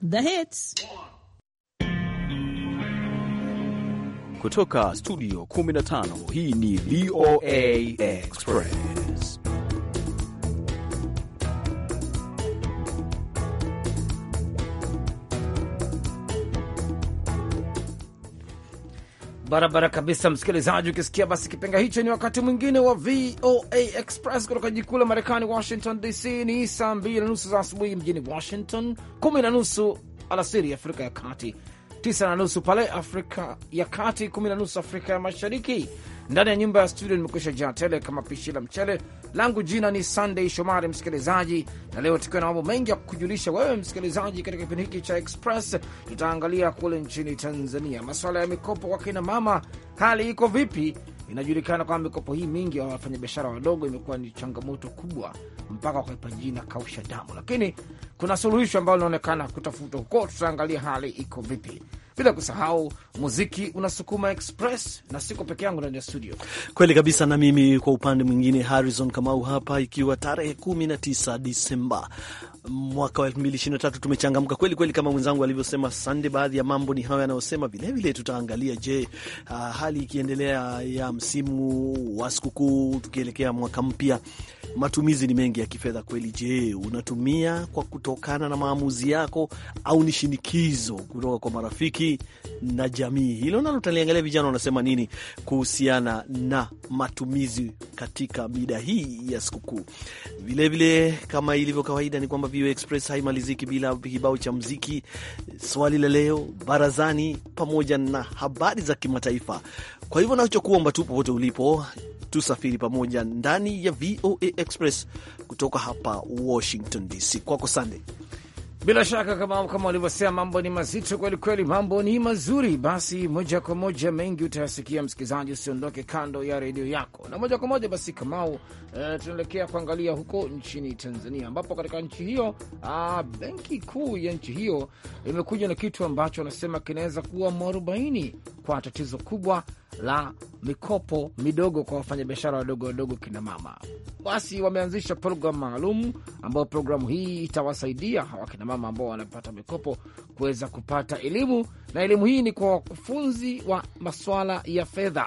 The hits. Kutoka studio 15 hii ni VOA Express. barabara kabisa, msikilizaji. Ukisikia basi kipenga hicho, ni wakati mwingine wa VOA Express kutoka jiji kuu la Marekani, Washington DC. Ni saa mbili na nusu za asubuhi mjini Washington, kumi na nusu alasiri Afrika ya Kati, tisa na nusu pale Afrika ya Kati, kumi na nusu Afrika ya Mashariki. Ndani ya nyumba ya studio nimekwisha jaa tele kama pishi la mchele langu. Jina ni Sunday Shomari msikilizaji, na leo tukiwa na mambo mengi ya kukujulisha wewe msikilizaji. Katika kipindi hiki cha Express tutaangalia kule nchini Tanzania masuala ya mikopo kwa kina mama, hali iko vipi? Inajulikana kwamba mikopo hii mingi ya wafanyabiashara wadogo imekuwa ni changamoto kubwa, mpaka wakaipa jina kausha damu, lakini kuna suluhisho ambalo linaonekana kutafutwa huko. Tutaangalia hali iko vipi bila kusahau muziki unasukuma express, na siko peke yangu ndani ya studio. Kweli kabisa, na mimi kwa upande mwingine Harrison Kamau hapa, ikiwa tarehe 19 Disemba mwaka wa 2023 tumechangamka kweli kweli, kama mwenzangu alivyosema Sande. Baadhi ya mambo ni hayo yanayosema, vilevile tutaangalia, je, uh, hali ikiendelea ya msimu wa sikukuu tukielekea mwaka mpya, matumizi ni mengi ya kifedha kweli. Je, unatumia kwa kutokana na maamuzi yako au ni shinikizo kutoka kwa marafiki na jamii? Hilo nalo tutaliangalia, vijana wanasema nini kuhusiana na matumizi katika mida hii ya sikukuu. Vilevile kama ilivyo kawaida ni kwamba VOA Express haimaliziki bila kibao cha mziki, swali la leo, barazani, pamoja na habari za kimataifa. Kwa hivyo nachokuomba tu, popote ulipo, tusafiri pamoja ndani ya VOA Express kutoka hapa Washington DC. Kwako Sande. Bila shaka kama kama walivyosema, mambo ni mazito kweli kweli, mambo ni mazuri. Basi moja kwa moja mengi utayasikia, msikilizaji, usiondoke kando ya redio yako. Na moja kwa moja basi, Kamau, e, tunaelekea kuangalia huko nchini Tanzania, ambapo katika nchi hiyo a, ah, benki kuu ya nchi hiyo imekuja na kitu ambacho wanasema kinaweza kuwa mwarobaini kwa tatizo kubwa la mikopo midogo kwa wafanyabiashara wadogo wadogo kinamama. Basi wameanzisha programu maalum, ambayo programu hii itawasaidia hawa ambao wanapata mikopo kuweza kupata elimu, na elimu hii ni kwa wakufunzi wa maswala ya fedha.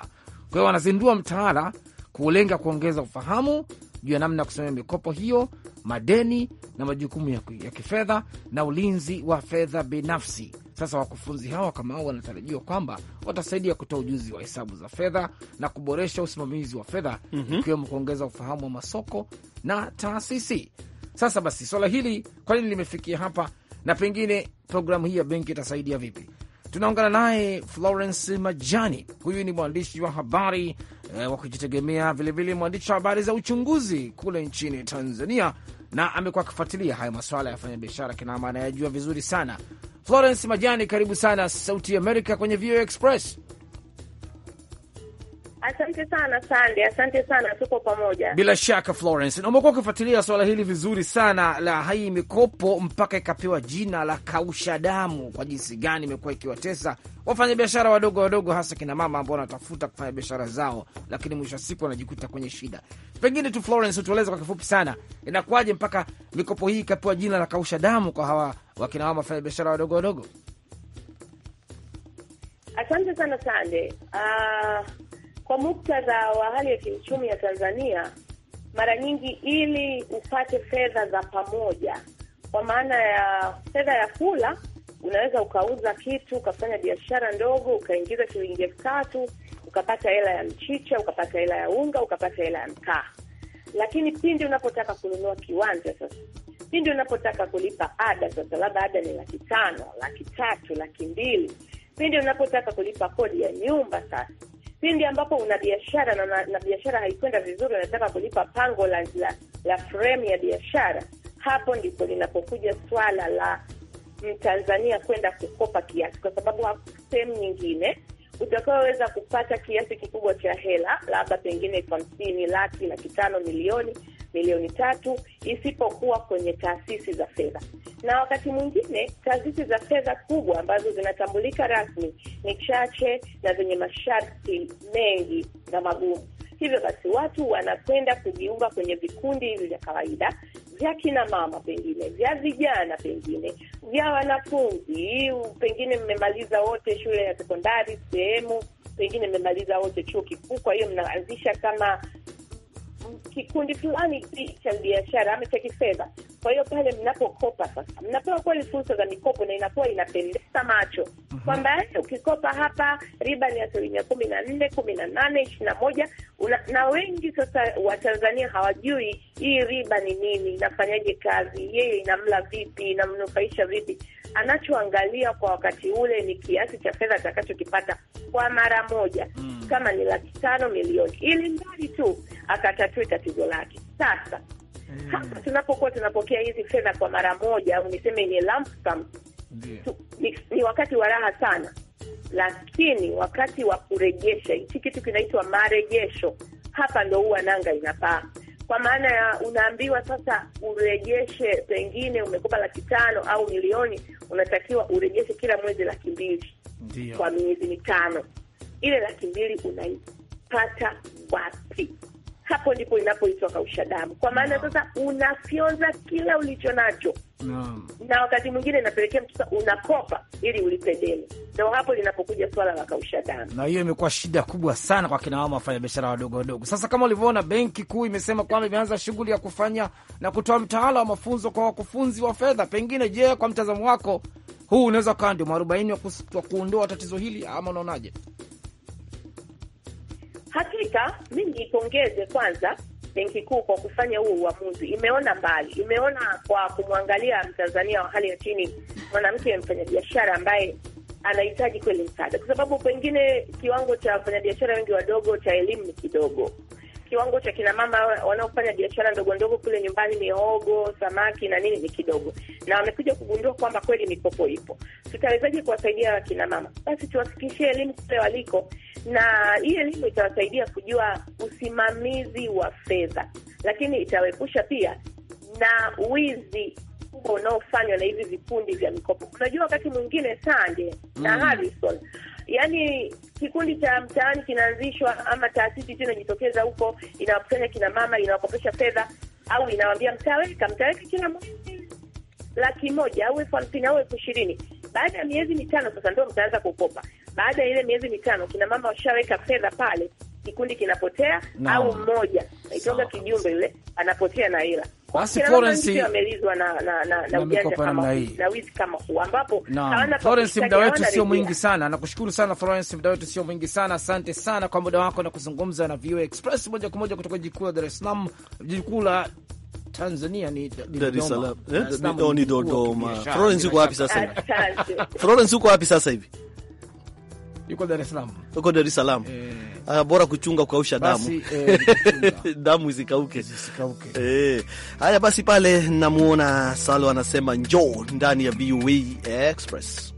Kwa hiyo wanazindua mtaala kulenga kuongeza ufahamu juu ya namna ya kusimamia mikopo hiyo, madeni na majukumu ya kifedha na ulinzi wa fedha binafsi. Sasa wakufunzi hawa kama hao wanatarajiwa kwamba watasaidia kutoa ujuzi wa hesabu za fedha na kuboresha usimamizi wa fedha mhm. ikiwemo mm -hmm. kuongeza ufahamu wa masoko na taasisi. Sasa basi, swala hili kwa nini limefikia hapa na pengine programu hii ya benki itasaidia vipi? Tunaungana naye Florence Majani, huyu ni mwandishi wa habari eh, wa kujitegemea vilevile mwandishi wa habari za uchunguzi kule nchini Tanzania, na amekuwa akifuatilia hayo masuala ya wafanyabiashara kinamana, anayajua vizuri sana. Florence Majani, karibu sana Sauti Amerika kwenye VOA Express. Asante sana Sande, asante sana, tuko pamoja. Bila shaka Florence, na umekuwa ukifuatilia swala hili vizuri sana la hai mikopo mpaka ikapewa jina la kausha damu, kwa jinsi gani imekuwa ikiwatesa wafanyabiashara wadogo wadogo, hasa kina mama ambao wanatafuta kufanya biashara zao, lakini mwisho wa siku wanajikuta kwenye shida. Pengine tu Florence, utueleze kwa kifupi sana, inakuwaje mpaka mikopo hii ikapewa jina la kausha damu kwa hawa wakina mama wafanya biashara wadogo wadogo? Asante sana Sande. Uh... Kwa muktadha wa hali ya kiuchumi ya Tanzania, mara nyingi ili upate fedha za pamoja, kwa maana ya fedha ya kula, unaweza ukauza kitu ukafanya biashara ndogo ukaingiza shilingi elfu tatu ukapata hela ya mchicha, ukapata hela ya unga, ukapata hela ya mkaa. Lakini pindi unapotaka kununua kiwanja sasa, pindi unapotaka kulipa ada sasa, labda ada ni laki tano, laki tatu, laki mbili, pindi unapotaka kulipa kodi ya nyumba sasa pindi ambapo una biashara na, na, na biashara haikwenda vizuri, unataka kulipa pango la, la, la fremu ya biashara, hapo ndipo linapokuja swala la Mtanzania kwenda kukopa kiasi, kwa sababu sehemu nyingine utakaoweza kupata kiasi kikubwa cha hela, labda pengine elfu hamsini, laki, laki tano, milioni, milioni tatu, isipokuwa kwenye taasisi za fedha. Na wakati mwingine taasisi za fedha kubwa ambazo zinatambulika rasmi ni chache na zenye masharti mengi na magumu. Hivyo basi watu wanapenda kujiunga kwenye vikundi hivi vya kawaida vya kina mama, pengine vya vijana, pengine vya wanafunzi, pengine mmemaliza wote shule ya sekondari sehemu, pengine mmemaliza wote chuo kikuu, kwa hiyo mnaanzisha kama kikundi fulani cha biashara ama cha kifedha. Kwa hiyo pale mnapokopa sasa, mnapewa kweli fursa za mikopo na inakuwa inapendeza macho mhm. kwamba eh, ukikopa hapa riba ni asilimia kumi na nne, kumi na nane, ishirini na moja na wengi sasa Watanzania hawajui hii riba ni nini, inafanyaje kazi, yeye inamla vipi, inamnufaisha vipi. Anachoangalia kwa wakati ule ni kiasi cha fedha atakachokipata kwa mara moja, mm. kama ni laki tano, milioni ili mbali tu akatatue tatizo lake. Sasa hapa hmm. hapa tunapokuwa tunapokea hizi fedha kwa mara moja au niseme ni lump sum tu, ni, ni wakati wa raha sana, lakini wakati wa kurejesha hichi kitu kinaitwa marejesho, hapa ndo huwa nanga inapaa kwa maana ya unaambiwa sasa urejeshe, pengine umekopa laki tano au milioni, unatakiwa urejeshe kila mwezi laki mbili kwa miezi mitano. Ile laki mbili unaipata wapi? hapo ndipo inapoitwa kausha damu, kwa maana sasa unafyonza kila ulicho nacho no. na wakati mwingine inapelekea mtoto unakopa ili ulipe deni, ndo hapo linapokuja swala la kausha damu, na hiyo imekuwa shida kubwa sana kwa kina mama biashara wadogo wadogo. Sasa kama ulivyoona, Benki Kuu imesema kwamba imeanza shughuli ya kufanya na kutoa mtaala wa mafunzo kwa wakufunzi wa fedha. Pengine, je, kwa mtazamo wako huu unaweza ukawa ndio mwarobaini wa kuondoa tatizo hili ama unaonaje? Hakika mimi niipongeze kwanza Benki Kuu kwa kufanya huo uamuzi. Imeona mbali, imeona kwa kumwangalia Mtanzania wa hali ya chini, mwanamke mfanyabiashara ambaye anahitaji kweli msaada, kwa sababu pengine kiwango cha wafanyabiashara wengi wadogo cha elimu ni kidogo kiwango cha kina mama wanaofanya biashara ndogo ndogo kule nyumbani, miogo, samaki na nini, ni kidogo, na wamekuja kugundua kwamba kweli mikopo ipo. Tutawezaje kuwasaidia kina mama? Basi tuwafikishie elimu kule waliko, na hii elimu itawasaidia kujua usimamizi wa fedha, lakini itawepusha pia na wizi unaofanywa na hivi vikundi vya mikopo. Unajua, wakati mwingine Sande na mm, Harrison yani kikundi cha mtaani kinaanzishwa ama taasisi tu inajitokeza huko, inawakusanya kina mama, inawakopesha fedha au inawambia mtaweka mtaweka kila mwezi laki moja au elfu hamsini au elfu ishirini Baada ya miezi mitano sasa ndo mtaanza kukopa. Baada ya ile miezi mitano kina mama washaweka fedha pale, kikundi kinapotea no. au mmoja naitoka kijumbe yule anapotea na hela basi Florence amelizwa na na na, na ujanja kama na wizi kama huu ambapo hawana Florence, muda wetu sio mwingi sana. Nakushukuru sana Florence, muda wetu sio mwingi sana. Asante sana kwa muda wako na kuzungumza na VOA Express moja kwa moja kutoka jiji kuu la Dar es Salaam, jiji kuu la Tanzania ni Dar es Salaam, eh? ni oh, Dodoma. Florence uko wapi sasa hivi? Florence uko wapi sasa hivi? yuko Dar es Salaam, yuko Dar es Salaam eh. Ah, bora kuchunga kukausha damu eh, damu zikauke zikauke eh. Haya basi, pale namuona Salo anasema njoo ndani ya VOA Express.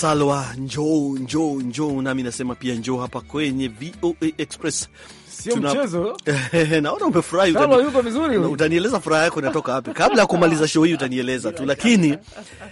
Salwa, njoo njoo njoo, nami nasema pia njoo hapa kwenye VOA Express. Sio Tuna... mchezo naona umefurahi, utanieleza furaha yako inatoka wapi? Kabla ya kumaliza show hii utanieleza tu, lakini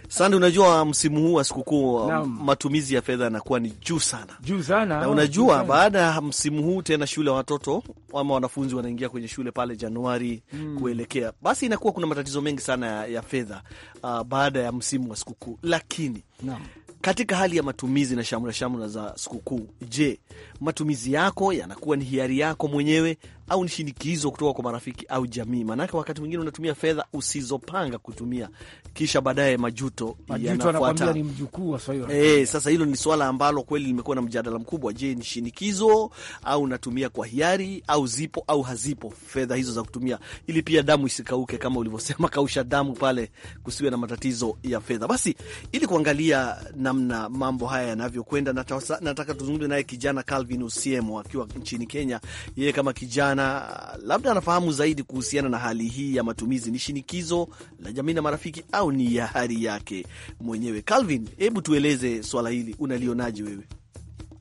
sasa, unajua msimu huu wa sikukuu matumizi ya fedha yanakuwa ni juu sana, juu sana, na unajua baada ya msimu huu tena shule watoto ama wanafunzi wanaingia kwenye shule pale Januari hmm, kuelekea basi, inakuwa kuna matatizo mengi sana ya, ya fedha uh, baada ya msimu wa sikukuu, lakini Naam katika hali ya matumizi na shamra shamra za sikukuu, je, matumizi yako yanakuwa ni hiari yako mwenyewe au ni shinikizo kutoka kwa marafiki au jamii? Maanake wakati mwingine unatumia fedha usizopanga kutumia, kisha baadaye majuto yanafuata. Ni mjukuu wa eh, sasa hilo ni swala ambalo kweli limekuwa na mjadala mkubwa. Je, ni shinikizo au unatumia kwa hiari au zipo au hazipo fedha hizo za kutumia, ili pia damu isikauke, kama ulivyosema, kausha damu pale, kusiwe na matatizo ya fedha. Basi ili kuangalia namna mambo haya yanavyokwenda, nataka tuzungumze naye kijana Calvin Usiemo akiwa nchini Kenya, yeye kama kijana ana labda anafahamu zaidi kuhusiana na hali hii ya matumizi, ni shinikizo la jamii na marafiki, au ni ya hali yake mwenyewe? Calvin, hebu tueleze swala hili, unalionaje wewe?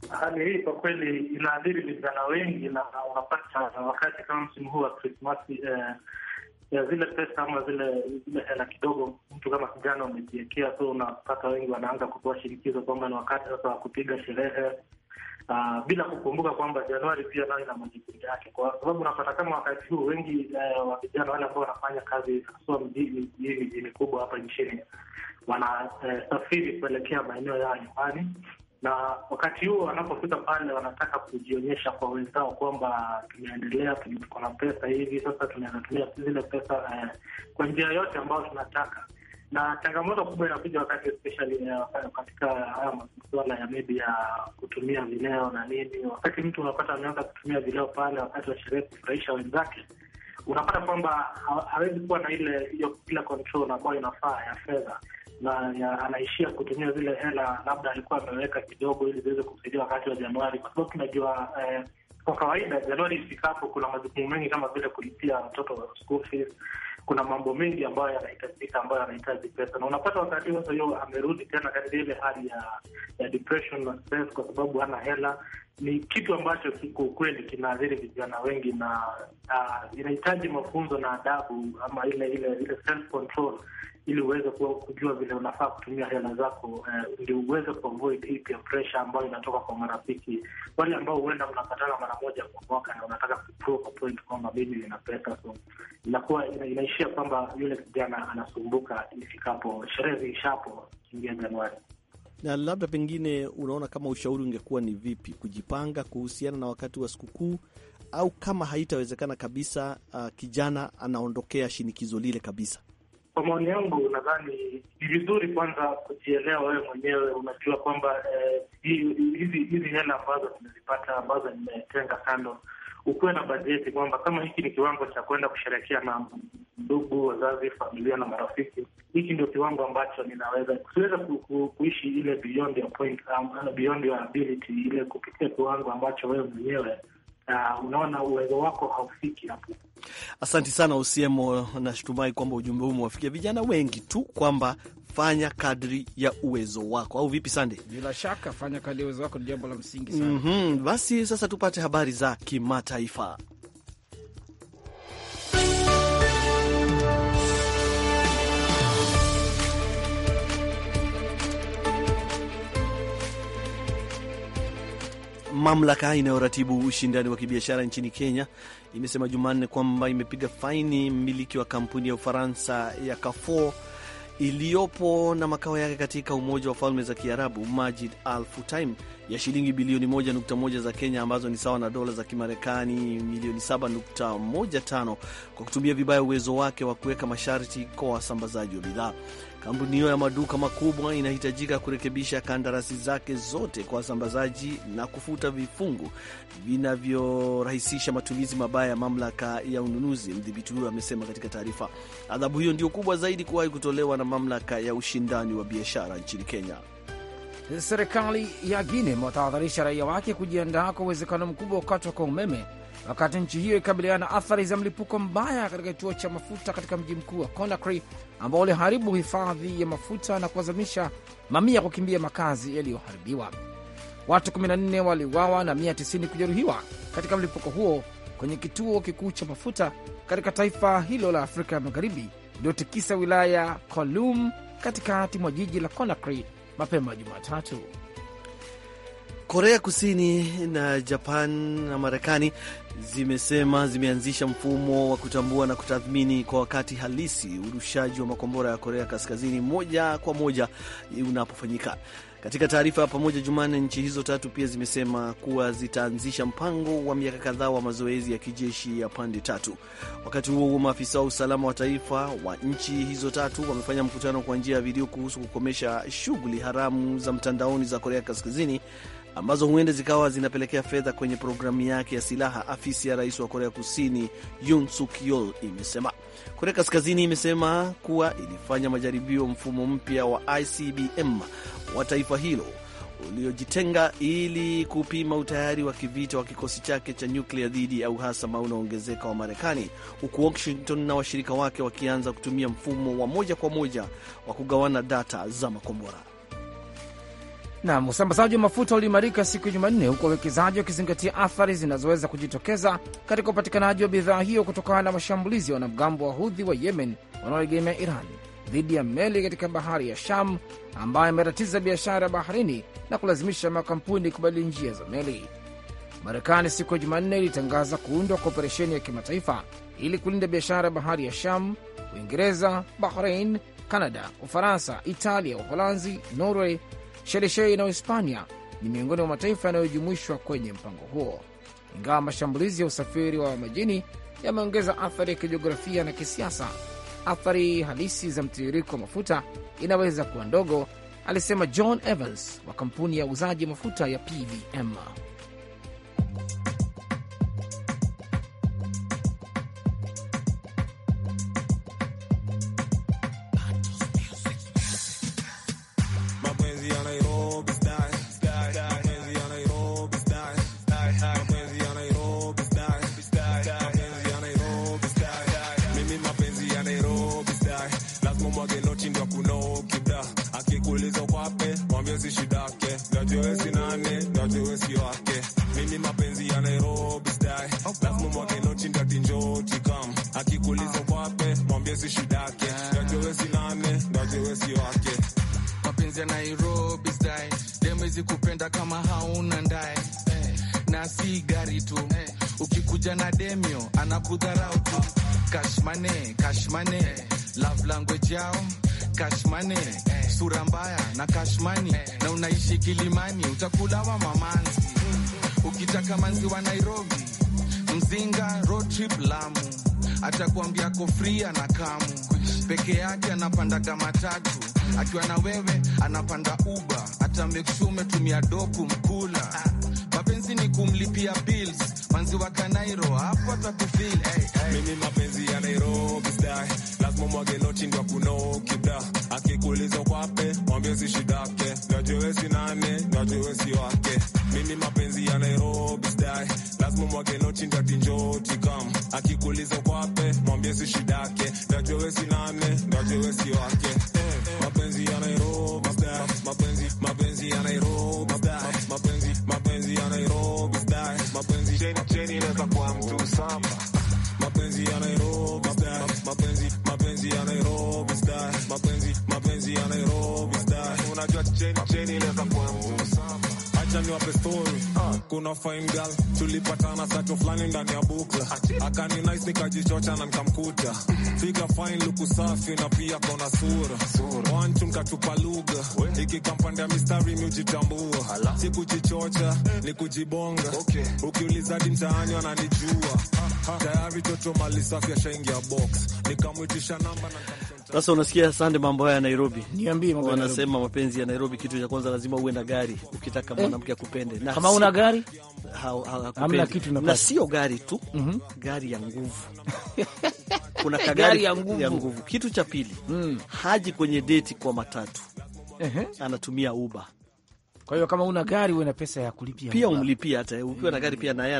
Hali hii kwa kweli inaathiri vijana wengi, na unapata wakati kama msimu huu wa Krismasi eh, ya zile pesa ama zile zile hela kidogo mtu kama kijana umejiekea so unapata wengi wanaanza kutoa shinikizo kwamba ni wakati sasa wa kupiga sherehe uh, bila kukumbuka kwamba Januari pia nayo ina majukumu yake, kwa sababu unapata kama wakati huu wengi uh, wa vijana wale ambao wanafanya kazi haswa mjini mijini kubwa hapa nchini wanasafiri eh, uh, kuelekea maeneo yao nyumbani na wakati huo wanapofika pale wanataka kujionyesha kwa wenzao kwamba tumeendelea, tuko na pesa hivi sasa, tunaweza tumia zile pesa eh, kwa njia yote ambayo tunataka na changamoto kubwa inakuja wakati especially katika haya masuala ya maybe ya kutumia vileo na nini. Wakati mtu unapata ameanza kutumia vileo pale wakati wa sherehe kufurahisha wenzake, unapata kwamba hawezi kuwa na ile hiyo ile control ambayo inafaa ya fedha na anaishia kutumia zile hela labda alikuwa ameweka kidogo ili ziweze kusaidia wakati wa Januari, kwa sababu tunajua eh, kwa kawaida Januari ifikapo kuna majukumu mengi kama vile kulipia mtoto wa school fees kuna mambo mengi ambayo yanahitajika ambayo yanahitaji pesa, na unapata wakati huo hiyo amerudi tena katika ile hali ya ya depression na stress, kwa sababu hana hela ni kitu ambacho kiko ukweli, kinaathiri vijana wengi na uh, inahitaji mafunzo na adabu ama ile ile ile self control, ili uweze kujua vile unafaa kutumia hela zako uh, uweze kuavoid hii peer pressure ambayo inatoka kwa marafiki wale ambao huenda mnapatana mara moja kwa mwaka na unataka kuprove point kwamba mimi nina pesa, so inakuwa ina, inaishia kwamba yule kijana anasumbuka ifikapo sherehe ziishapo, ingia Januari. Na labda pengine, unaona kama ushauri ungekuwa ni vipi kujipanga kuhusiana na wakati wa sikukuu, au kama haitawezekana kabisa, uh, kijana anaondokea shinikizo lile kabisa? Kwa maoni yangu, nadhani ni vizuri kwanza kujielewa wewe mwenyewe. Unajua kwamba eh, hizi eh, hizi hela ambazo zimezipata ambazo nimetenga kando, ukuwe na bajeti kwamba kama hiki ni kiwango cha kwenda kusherehekea na ndugu, wazazi, familia na marafiki hiki ndio kiwango ambacho ninaweza siweza ku, ku, kuishi ile beyond your point, um, uh, beyond your ability, ile kupitia kiwango ambacho wewe mwenyewe Uh, unaona uwezo wako haufiki hapo. Asante sana Usiemo, nashutumai kwamba ujumbe huu umewafikia vijana wengi tu kwamba fanya kadri ya uwezo wako, au vipi Sande? Bila shaka fanya kadri ya uwezo wako ni jambo la msingi sana. Mm -hmm. Basi sasa tupate habari za kimataifa. Mamlaka inayoratibu ushindani wa kibiashara nchini Kenya imesema Jumanne kwamba imepiga faini mmiliki wa kampuni ya Ufaransa ya Carrefour iliyopo na makao yake katika Umoja wa Falme za Kiarabu, Majid Al Futtaim, ya shilingi bilioni 1.1 za Kenya ambazo ni sawa na dola za Kimarekani milioni 7.15 kwa kutumia vibaya uwezo wake wa kuweka masharti kwa wasambazaji wa bidhaa. Kampuni hiyo ya maduka makubwa inahitajika kurekebisha kandarasi zake zote kwa wasambazaji na kufuta vifungu vinavyorahisisha matumizi mabaya ya mamlaka ya ununuzi, mdhibiti huyo amesema katika taarifa. Adhabu hiyo ndio kubwa zaidi kuwahi kutolewa na mamlaka ya ushindani wa biashara nchini Kenya. Serikali ya Guinea imewatahadharisha raia wake kujiandaa kwa uwezekano mkubwa wa kukatwa kwa umeme wakati nchi hiyo ikabiliana na athari za mlipuko mbaya katika kituo cha mafuta katika mji mkuu wa Conakry ambao uliharibu hifadhi ya mafuta na kuwazamisha mamia kukimbia makazi yaliyoharibiwa. Watu 14 waliuawa na 190 kujeruhiwa katika mlipuko huo kwenye kituo kikuu cha mafuta katika taifa hilo la Afrika ya Magharibi iliyotikisa wilaya kolum katikati mwa jiji la Conakry mapema Jumatatu. Korea Kusini na Japan na Marekani zimesema zimeanzisha mfumo wa kutambua na kutathmini kwa wakati halisi urushaji wa makombora ya Korea Kaskazini moja kwa moja unapofanyika. Katika taarifa ya pamoja Jumanne, nchi hizo tatu pia zimesema kuwa zitaanzisha mpango wa miaka kadhaa wa mazoezi ya kijeshi ya pande tatu. Wakati huo huo, maafisa wa usalama wa taifa wa nchi hizo tatu wamefanya mkutano kwa njia ya video kuhusu kukomesha shughuli haramu za mtandaoni za Korea Kaskazini ambazo huenda zikawa zinapelekea fedha kwenye programu yake ya silaha, afisi ya rais wa Korea Kusini Yoon Suk Yeol imesema. Korea Kaskazini imesema kuwa ilifanya majaribio mfumo mpya wa ICBM wa taifa hilo uliojitenga ili kupima utayari wa kivita wa kikosi chake cha nyuklia dhidi ya uhasama unaoongezeka wa Marekani, huku Washington na washirika wake wakianza kutumia mfumo wa moja kwa moja wa kugawana data za makombora. Nam, usambazaji wa mafuta uliimarika siku ya Jumanne, huku wawekezaji wakizingatia athari zinazoweza kujitokeza katika upatikanaji wa bidhaa hiyo kutokana na mashambulizi ya wanamgambo wa Hudhi wa Yemen wanaoegemea Iran dhidi ya meli katika bahari ya Sham ambayo imetatiza biashara ya baharini na kulazimisha makampuni kubadili njia za meli. Marekani siku ya Jumanne ilitangaza kuundwa kwa operesheni ya kimataifa ili kulinda biashara ya bahari ya Sham. Uingereza, Bahrain, Kanada, Ufaransa, Italia, Uholanzi, Norway Shelisheli na Uhispania ni miongoni mwa mataifa yanayojumuishwa kwenye mpango huo, ingawa mashambulizi ya usafiri wa majini yameongeza athari ya kijiografia na kisiasa. Athari halisi za mtiririko wa mafuta inaweza kuwa ndogo, alisema John Evans wa kampuni ya uzaji mafuta ya pvm money, cash money, love language yao cash money, sura mbaya na cash money, na unaishi Kilimani utakulawa mamanzi ukitaka manzi wa Nairobi, Mzinga, road trip Lamu, atakuambia ko na kamu peke yake gama tatu akiwa na wewe anapanda uba ata make umetumia doku mkula mapenzi ni kumlipia bills manzi wa Kanairo hapo twakufil hey, hey. Mimi mapenzi ya Nairobi stai, lazima mwage noti ndo kunokiba. akikuliza kwape mwambie si shidake, najue si nane najue si wake. Mimi mapenzi ya Nairobi stai, lazima mwage noti ndo tinjoti kam. akikuliza kwape mwambie si shidake, najue si nane najue si wake. Eh, eh. Mapenzi ya Nairobi stai, mapenzi mapenzi ya Nairobi Acha niwape story. Ah, kuna fine girl tulipatana sato fulani ndani ya bukla, akani nice, nikajichocha na nikamkuta figa fine, luku safi na pia kona sura wantu, nikatupa lugha ikikampanda mistari miujitambua, si kujichocha ni kujibonga. Ukiulizadi mtaani wananijua ah, ah. tayari, toto mali safi ashaingia box, nikamwitisha namba na sasa unasikia sande, mambo haya ya Nairobi. Niambie mambo wanasema, mapenzi ya Nairobi, kitu cha kwanza lazima uwe na gari ukitaka eh? mwanamke akupende. Na kama una gari hamna kitu, na sio gari tu mm -hmm. gari ya nguvu kuna kagari ya nguvu. ya nguvu. Kitu cha pili mm. haji kwenye deti kwa matatu uh -huh. anatumia Uber. Kwa hiyo kama una gari uwe na pesa ya kulipia pia umlipia hata ukiwa mm. na gari pia naye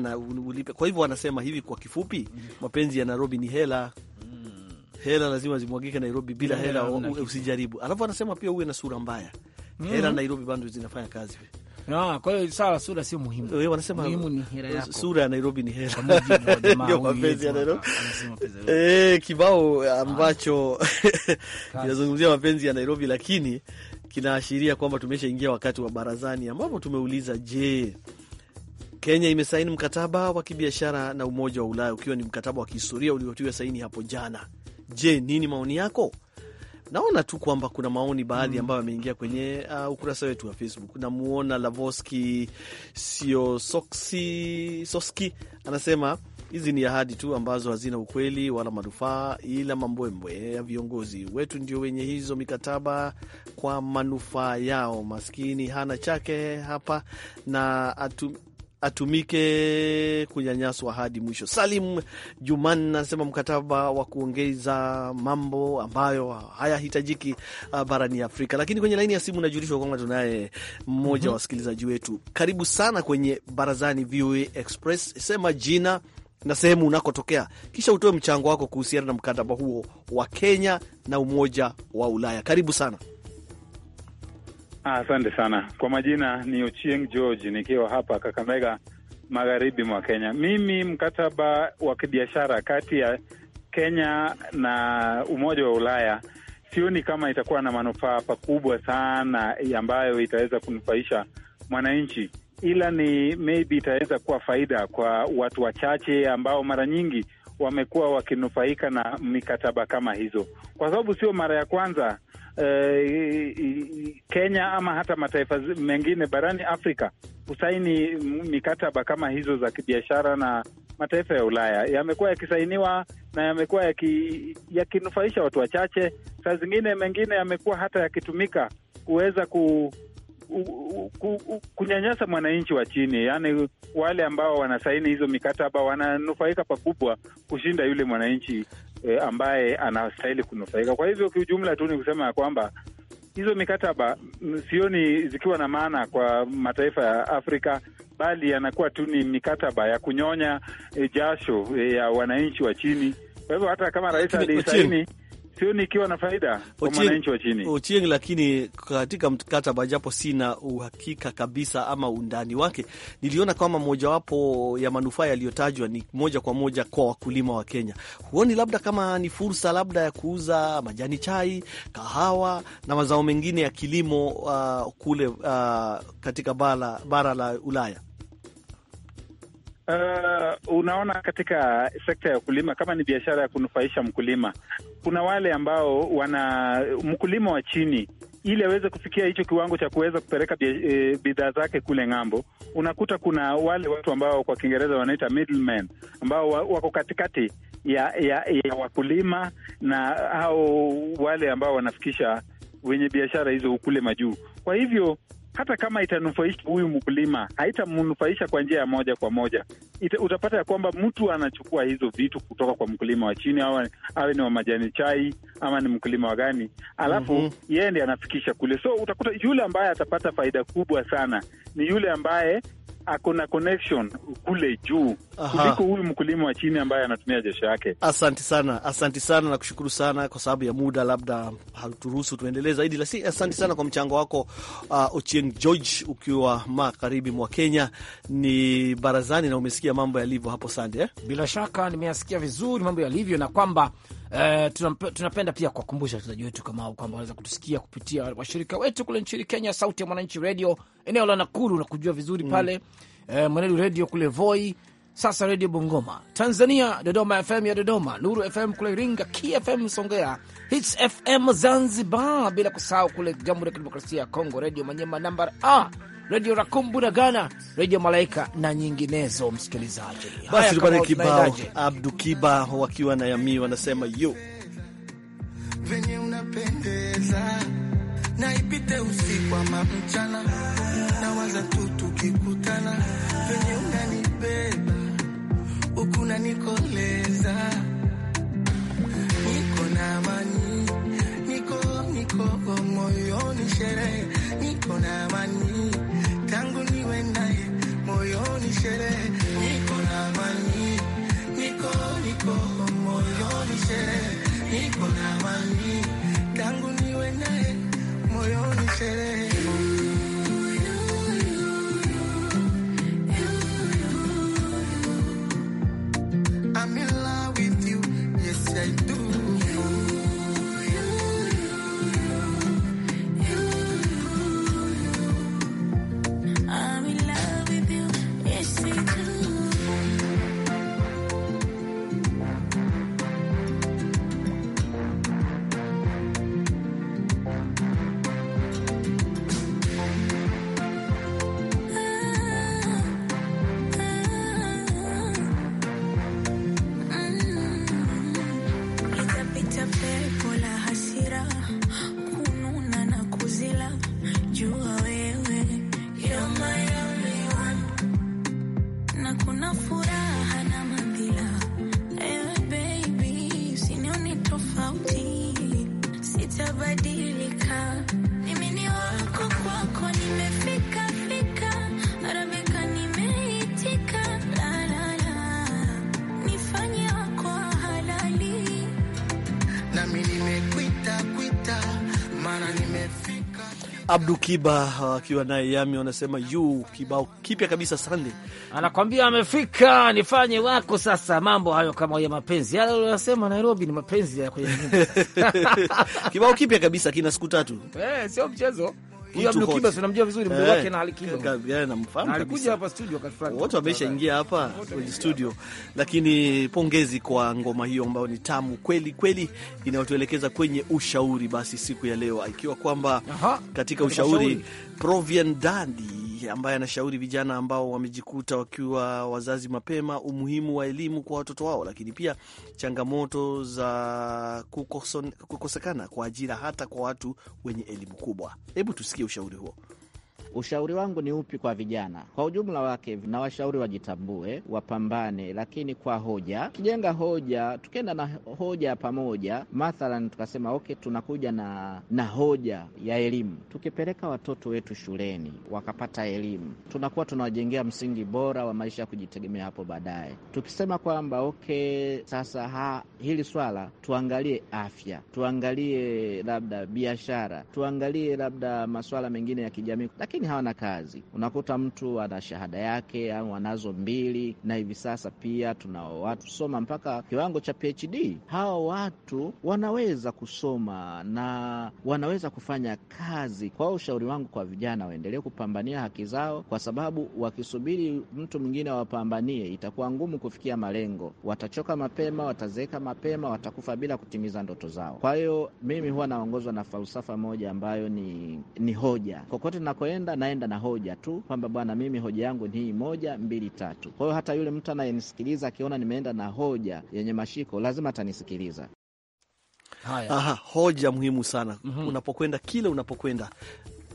ulipe. Kwa hivyo wanasema hivi, kwa kifupi, mm. mapenzi ya Nairobi ni hela hela lazima zimwagike Nairobi, bila yeah, hela usijaribu. Alafu anasema pia uwe na sura mbaya mm. Hela Nairobi bado zinafanya kazi kwa hiyo sawa, sura sio muhimu. Wewe wanasema muhimu ni hela yako. Sura ya Nairobi ni hela. Ndio mapenzi ya Nairobi. Eh, kibao ambacho ah. kinazungumzia mapenzi ya Nairobi lakini kinaashiria kwamba tumeshaingia wakati wa barazani ambapo tumeuliza je, Kenya imesaini mkataba wa kibiashara na Umoja wa Ulaya ukiwa ni mkataba wa kihistoria uliotiwa saini hapo jana. Je, nini maoni yako? Naona tu kwamba kuna maoni baadhi mm. ambayo ameingia kwenye uh, ukurasa wetu wa Facebook. Namuona Lavoski sio soksi, Soski anasema hizi ni ahadi tu ambazo hazina ukweli wala manufaa, ila mambwembwe ya viongozi wetu ndio wenye hizo mikataba kwa manufaa yao. Maskini hana chake hapa na atu, atumike kunyanyaswa hadi mwisho. Salim Juman anasema mkataba wa kuongeza mambo ambayo hayahitajiki uh, barani Afrika. Lakini kwenye laini ya simu najulishwa kwamba tunaye mmoja mm -hmm. wa mhm. wasikilizaji wetu. Karibu sana kwenye barazani VOA Express, sema jina na sehemu unakotokea, kisha utoe mchango wako kuhusiana na mkataba huo wa Kenya na Umoja wa Ulaya. Karibu sana. Asante sana kwa majina, ni Ochieng George nikiwa hapa Kakamega, magharibi mwa Kenya. Mimi mkataba wa kibiashara kati ya Kenya na Umoja wa Ulaya sioni kama itakuwa na manufaa pakubwa sana ambayo itaweza kunufaisha mwananchi, ila ni maybe itaweza kuwa faida kwa watu wachache ambao mara nyingi wamekuwa wakinufaika na mikataba kama hizo, kwa sababu sio mara ya kwanza eh, Kenya ama hata mataifa mengine barani Afrika kusaini mikataba kama hizo za kibiashara na mataifa ya Ulaya yamekuwa yakisainiwa na yamekuwa yakinufaisha watu wachache. Saa zingine mengine yamekuwa hata yakitumika kuweza ku, ku, ku, kunyanyasa mwananchi wa chini, yani wale ambao wanasaini hizo mikataba wananufaika pakubwa kushinda yule mwananchi e, ambaye anastahili kunufaika. Kwa hivyo kiujumla tu ni kusema ya kwamba hizo mikataba mm, sioni zikiwa na maana kwa mataifa ya Afrika, bali yanakuwa tu ni mikataba ya kunyonya e, jasho e, ya wananchi wa chini. Kwa hivyo hata kama rais alisaini sioni ikiwa na faida kwa mwananchi wa chini. Ochieng, lakini katika mkataba, japo sina uhakika kabisa ama undani wake, niliona kwamba mojawapo ya manufaa yaliyotajwa ni moja kwa moja kwa wakulima wa Kenya. Huoni labda kama ni fursa labda ya kuuza majani chai, kahawa na mazao mengine ya kilimo uh, kule uh, katika bara, bara la Ulaya? Uh, unaona katika sekta ya ukulima kama ni biashara ya kunufaisha mkulima, kuna wale ambao wana mkulima wa chini ili aweze kufikia hicho kiwango cha kuweza kupeleka e, bidhaa zake kule ng'ambo. Unakuta kuna wale watu ambao kwa Kiingereza wanaita middlemen ambao wako katikati ya, ya, ya wakulima na au wale ambao wanafikisha wenye biashara hizo kule majuu. Kwa hivyo hata kama itanufaisha huyu mkulima, haitamnufaisha kwa njia ya moja kwa moja. Ita, utapata ya kwamba mtu anachukua hizo vitu kutoka kwa mkulima wa chini, awe, awe ni wa majani chai ama ni mkulima wa gani, alafu mm -hmm. yeye ndiye anafikisha kule. So utakuta yule ambaye atapata faida kubwa sana ni yule ambaye na connection kule juu kuliko huyu mkulima wa chini ambaye anatumia jasho yake. Asante sana, asante sana na kushukuru sana kwa sababu ya muda, labda haturuhusu tuendelee zaidi, lakini asante sana kwa mchango wako uh, Ochieng George, ukiwa magharibi mwa Kenya ni barazani, na umesikia mambo yalivyo hapo. Sande eh? Bila shaka nimeyasikia vizuri mambo yalivyo na kwamba Eh, tunapenda pia kuwakumbusha wachezaji wetu kama kwamba wanaweza kutusikia kupitia washirika wetu kule nchini Kenya, Sauti ya Mwananchi Radio eneo la Nakuru na kujua vizuri mm. pale mm. uh, Mwenedu redio kule Voi, sasa redio Bungoma Tanzania, Dodoma FM ya Dodoma, Nuru FM kule Iringa, KFM Songea, Hits FM Zanzibar, bila kusahau kule Jamhuri ya Kidemokrasia ya Kongo, Redio Manyema namba a redio Rakumbura Ghana, redio Malaika na nyinginezo. Msikilizaji, basi tupate kibao Abdu Kiba wakiwa na Yamii wanasema yo venye unapendeza naipite usiku ama mchana na waza tu tukikutana venye unanibeba huku nanikoleza niko na amani niko niko moyoni sherehe niko na amani tangu niwe naye moyoni sherehe Abdu Kiba uh, akiwa naye Yami wanasema yu kibao kipya kabisa. Sande anakwambia amefika, nifanye wako sasa. Mambo hayo kama ya mapenzi yale unasema Nairobi ni mapenzi ya kwenye kibao kipya kabisa, kina siku tatu, eh, sio mchezo huyo Abdul Kiba vizuri mdogo wake eh, na Alikiba, namfahamu alikuja hapa studio wote wameshaingia hapa kwenye studio. Lakini pongezi kwa ngoma hiyo ambayo ni tamu kweli kweli, inayotuelekeza kwenye ushauri. Basi siku ya leo ikiwa kwamba katika ushauri Provian Dadi ambaye anashauri vijana ambao wamejikuta wakiwa wazazi mapema umuhimu wa elimu kwa watoto wao, lakini pia changamoto za kukosekana kwa ajira hata kwa watu wenye elimu kubwa. Hebu tusikie ushauri huo. Ushauri wangu ni upi kwa vijana kwa ujumla wake? Na washauri wajitambue, wapambane, lakini kwa hoja. Tukijenga hoja, tukienda na hoja pamoja, mathalan tukasema okay, tunakuja na, na hoja ya elimu. Tukipeleka watoto wetu shuleni wakapata elimu, tunakuwa tunawajengea msingi bora wa maisha ya kujitegemea hapo baadaye. Tukisema kwamba okay, sasa ha, hili swala tuangalie afya, tuangalie labda biashara, tuangalie labda maswala mengine ya kijamii, lakini wengine hawana kazi. Unakuta mtu ana shahada yake au anazo mbili, na hivi sasa pia tuna watu soma mpaka kiwango cha PhD. Hawa watu wanaweza kusoma na wanaweza kufanya kazi. Kwa ushauri wangu kwa vijana, waendelee kupambania haki zao, kwa sababu wakisubiri mtu mwingine awapambanie itakuwa ngumu kufikia malengo. Watachoka mapema, watazeeka mapema, watakufa bila kutimiza ndoto zao. Kwa hiyo mimi huwa naongozwa na falsafa moja ambayo ni, ni hoja kokote nakoenda napokwenda naenda na hoja tu kwamba bwana, mimi hoja yangu ni hii moja mbili tatu. Kwa hiyo hata yule mtu anayenisikiliza akiona nimeenda na hoja yenye mashiko, lazima atanisikiliza. Aha, hoja muhimu sana. mm -hmm. Unapokwenda kile unapokwenda,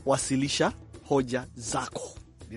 wasilisha hoja zako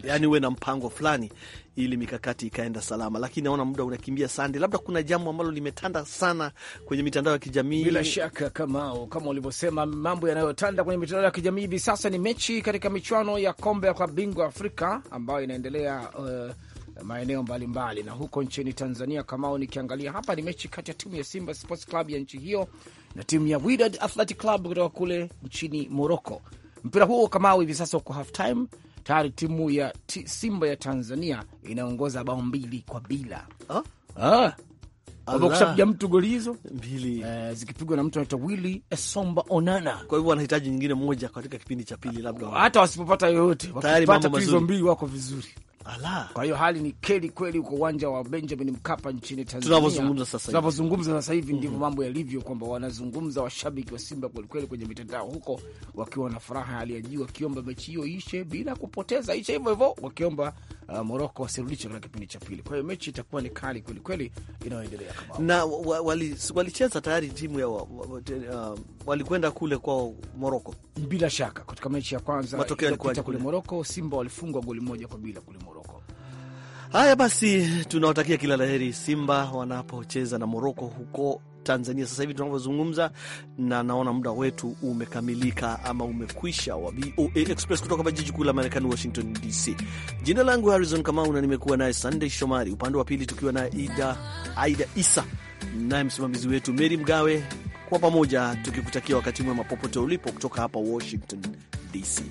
yaani uwe na mpango fulani ili mikakati ikaenda salama, lakini naona muda unakimbia. Sande, labda kuna jambo ambalo limetanda sana kwenye mitandao ya kijamii. Bila shaka Kamao, kama ulivyosema, mambo yanayotanda kwenye mitandao ya kijamii hivi sasa ni mechi katika michuano ya kombe ya bingwa Afrika ambayo inaendelea uh, maeneo mbalimbali na huko nchini Tanzania. Kamao, nikiangalia hapa ni mechi kati ya timu ya Simba Sports Club ya nchi hiyo na timu ya Wydad Athletic Club kutoka kule nchini Morocco. Mpira huo Kamao hivi sasa uko half time tayari timu ya Simba ya Tanzania inaongoza bao mbili kwa bila oh? ah. Kushapiga mtu goli hizo mbili eh, zikipigwa na mtu anaitwa Willy Esomba Onana. Kwa hivyo wanahitaji nyingine moja katika kipindi cha pili, labda hata wasipopata yoyote, wakipata hizo mbili wako vizuri. Ala. Kwa hiyo hali ni keli kweli huko uwanja wa Benjamin Mkapa nchini Tanzania. Tunavyozungumza sasa hivi. Tunavyozungumza sasa hivi mhm. ndivyo mm -hmm. mambo yalivyo kwamba wanazungumza washabiki wa Simba kweli kweli kwenye mitandao huko wakiwa na furaha hali ya juu wakiomba mechi hiyo ishe bila kupoteza ishe hivyo hivyo wakiomba uh, Morocco wasirudishe katika kipindi cha pili. Kwa hiyo mechi itakuwa ni kali kweli kweli inayoendelea kama. Na walicheza wali tayari timu ya wa, wa, wa, uh, walikwenda kule kwa Morocco. Bila shaka katika mechi ya kwanza matokeo yalikuwa kule Morocco Simba walifungwa goli moja kwa bila kule Morocco. Haya basi, tunawatakia kila laheri Simba wanapocheza na Moroko huko Tanzania sasa hivi tunavyozungumza, na naona muda wetu umekamilika ama umekwisha, wa VOA Express kutoka hapa jiji kuu la Marekani, Washington DC. Jina langu Harrison Kamau na nimekuwa naye Sunday Shomari, upande wa pili tukiwa na Ida, Aida Isa naye msimamizi wetu Meri Mgawe, kwa pamoja tukikutakia wakati mwema popote ulipo kutoka hapa Washington DC.